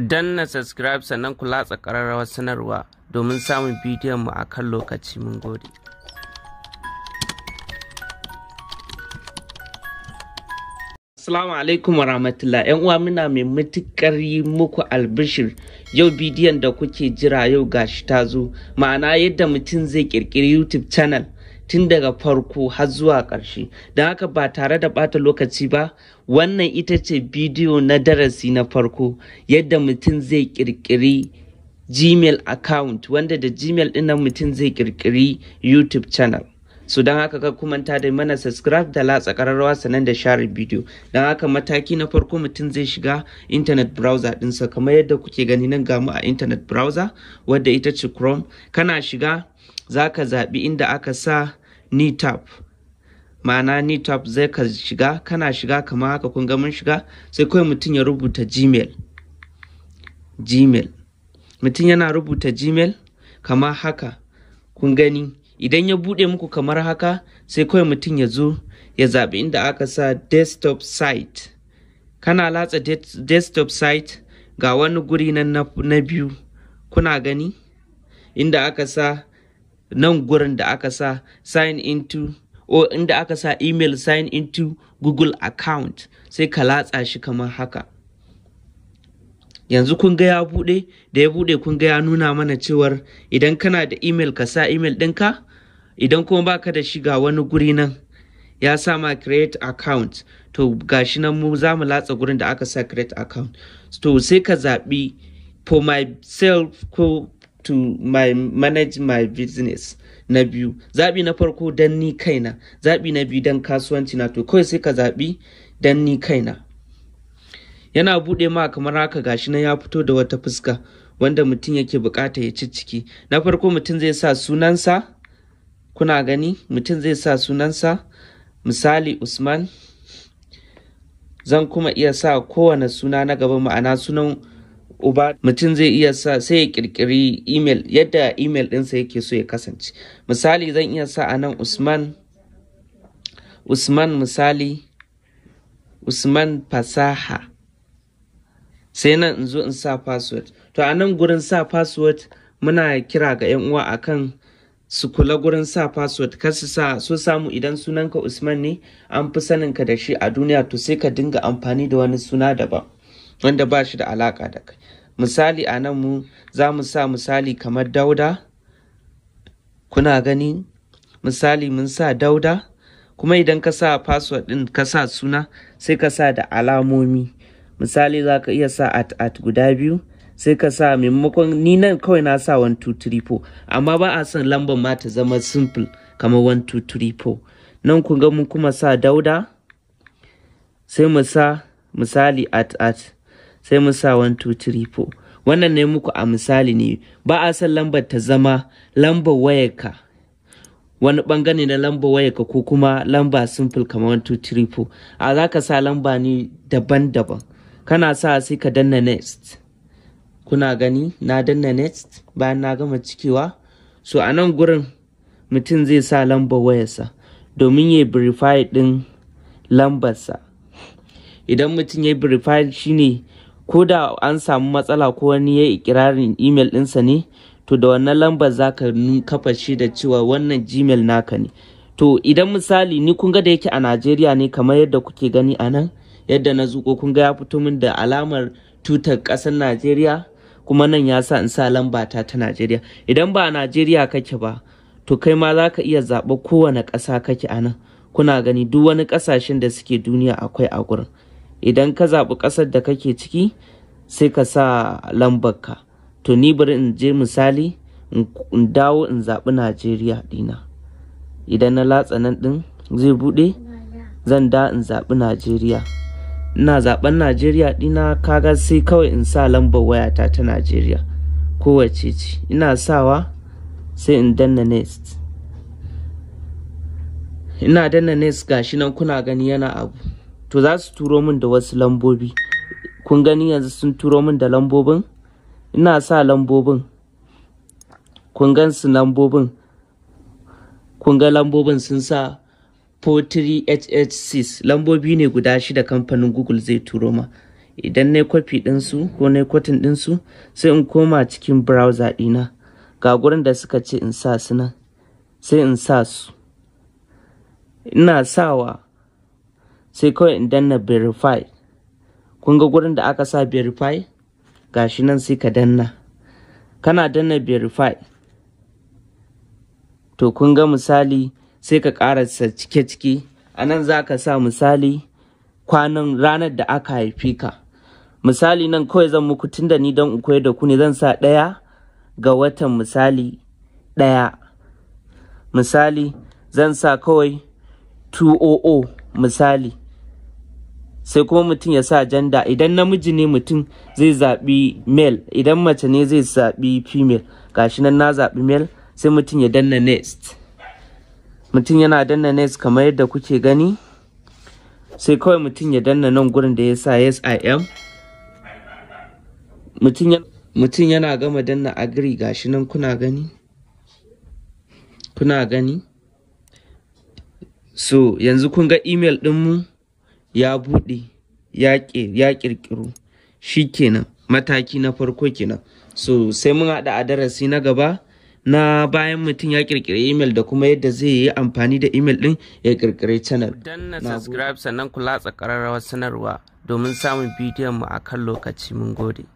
ku danna subscribe sannan ku latsa ƙararrawar sanarwa domin samun bidiyon mu a kan lokaci mun gode. Assalamu alaikum wa rahmatullah ‘yan uwa muna mai matuƙar yi muku albishir yau bidiyon da kuke jira yau gashi ta zo ma'ana yadda mutum zai ƙirƙiri YouTube channel. tun daga farko har zuwa ƙarshe don haka ba tare da bata lokaci ba wannan ita ce bidiyo na darasi na farko yadda mutum zai ƙirƙiri gmail account wanda da gmail ɗin mutum zai ƙirƙiri youtube channel su don haka ka kumanta da mana subscribe da latsa kararrawa sanan da share bidiyo don haka mataki na farko mutum zai shiga internet browser dinsa kamar yadda kuke gani nan gamu a internet browser wadda ita ce chrome kana shiga za ka zaɓi inda aka sa knee tap ma'ana knee tap zai ka shiga kana shiga kamar haka kun ga mun shiga sai kawai mutum ya rubuta gmail gmail mutum yana rubuta gmail kamar haka kun gani idan ya bude muku kamar haka sai kawai mutum ya zo ya zaɓi inda aka sa desktop site kana latsa desktop site ga wani guri nan na biyu kuna gani inda aka sa nan gurin da aka sa sign into o inda aka sa email sign into google account sai ka latsa shi kamar haka yanzu kun ga ya bude da ya bude kun ga ya nuna mana cewar idan kana da email ka sa email ɗinka idan kuma baka da shiga wani guri nan ya sa ma create account to gashi nan mu za mu latsa gurin da aka sa create account to sai ka zaɓi for myself ko to my manage my business na biyu zaɓi na farko dan ni kaina zaɓi na biyu dan kasuwanci na to kawai sai ka zaɓi dan ni kaina yana buɗe ma kamar haka gashi nan ya fito da wata fuska wanda mutum yake bukata ya cicciki na farko mutum zai sa sunansa kuna gani mutum zai sa sunansa misali usman zan kuma iya sa kowane suna na gaba ma'ana sunan uba mutum zai iya sa sai ya kirkiri email yadda email ɗinsa yake so ya kasance misali zan iya sa a nan usman usman misali usman fasaha sai nan in zo in sa password to a nan gurin sa password muna kira ga 'yan uwa akan su kula gurin sa password kar su sa so samu idan sunanka usman ne an fi saninka da shi a duniya to sai ka dinga amfani da wani suna daban wanda ba shi da alaƙa da kai misali a nan mu za mu sa misali kamar dauda kuna gani misali mun sa dauda kuma idan ka sa password ɗin ka sa suna sai ka sa da alamomi misali za ka iya sa at at guda biyu sai ka sa maimakon ni nan kawai na sa 1234 amma ba a son lambar ma ta zama simple kamar 1234 nan ku ga mun kuma sa dauda sai mu sa misali at at sai mu sa 1 2 wannan ne muku a misali ne ba a san lambar ta zama lambar wayarka wani bangare na lambar wayarka ko kuma lamba simple kamar 1 2 a za ka sa lamba ne daban-daban kana sa sai ka danna next kuna gani na danna next bayan na gama cikewa so a nan gurin mutum zai sa lambar wayarsa domin ya verify din lambarsa idan mutum ya verify shine ko da an samu matsala ko wani ya ikirarin email ɗinsa ne to da wannan lambar za ka kafa shi da cewa wannan gmail naka ne to idan misali ni kun ga da yake a najeriya ne kamar yadda kuke gani a nan yadda na zuko kun ga ya fito min da alamar tutar ƙasar najeriya kuma nan ya sa in sa lamba ta ta najeriya idan ba a najeriya kake ba to kai ma za ka iya zaɓa kowane ƙasa kake a nan kuna gani duk wani ƙasashen da suke duniya akwai a gurin idan ka zaɓi ƙasar da kake ciki sai ka sa lambarka to ni bari in je misali in dawo in zaɓi najeriya ɗina idan na latsa nan ɗin zai buɗe zan da in zaɓi najeriya ina zaɓen najeriya ɗina kaga sai kawai in sa lambar wayata ta najeriya kowace ce ina sawa sai in danna next ina danna next gashi nan kuna gani yana abu to za su turo min da wasu lambobi kun gani yanzu sun turo min da lambobin ina sa lambobin kun gan su lambobin kun ga lambobin sun sa 43HH6 lambobi ne guda shida kamfanin Google zai turo ma. Idan na kwafi ɗinsu ko na kwatin ɗinsu sai in koma cikin browser ɗina ga gurin da suka ce in sa su nan sai in sa su. Ina sawa sai kawai in danna verify kun ga gurin da aka sa verify gashi nan sai ka danna kana danna verify to kun ga misali sai ka karasa cike-cike a nan za ka sa misali kwanan ranar da aka haifi ka misali nan kawai zan muku tun da ni don koyar da ku ne zan sa ɗaya ga watan misali ɗaya misali zan sa kawai 200 misali sai kuma mutum ya sa janda idan namiji ne mutum zai zaɓi male idan mace ne zai zaɓi female gashi nan na zaɓi male sai mutum ya danna next mutum yana danna next kamar yadda kuke gani sai kawai mutum ya danna nan gurin da ya sa yes i am mutum yana gama danna agri gashi nan kuna gani kuna gani so yanzu kun ga email ɗinmu ya buɗe ya ƙirƙiro shi kenan mataki na farko kenan so sai mun haɗa a darasi na gaba na bayan mutum ya ƙirƙiri email da kuma yadda zai yi amfani da email ɗin ya ƙirƙiri channel na subscribe sannan kula tsakararrawar sanarwa domin samun bidiyon mu a kan lokaci mun gode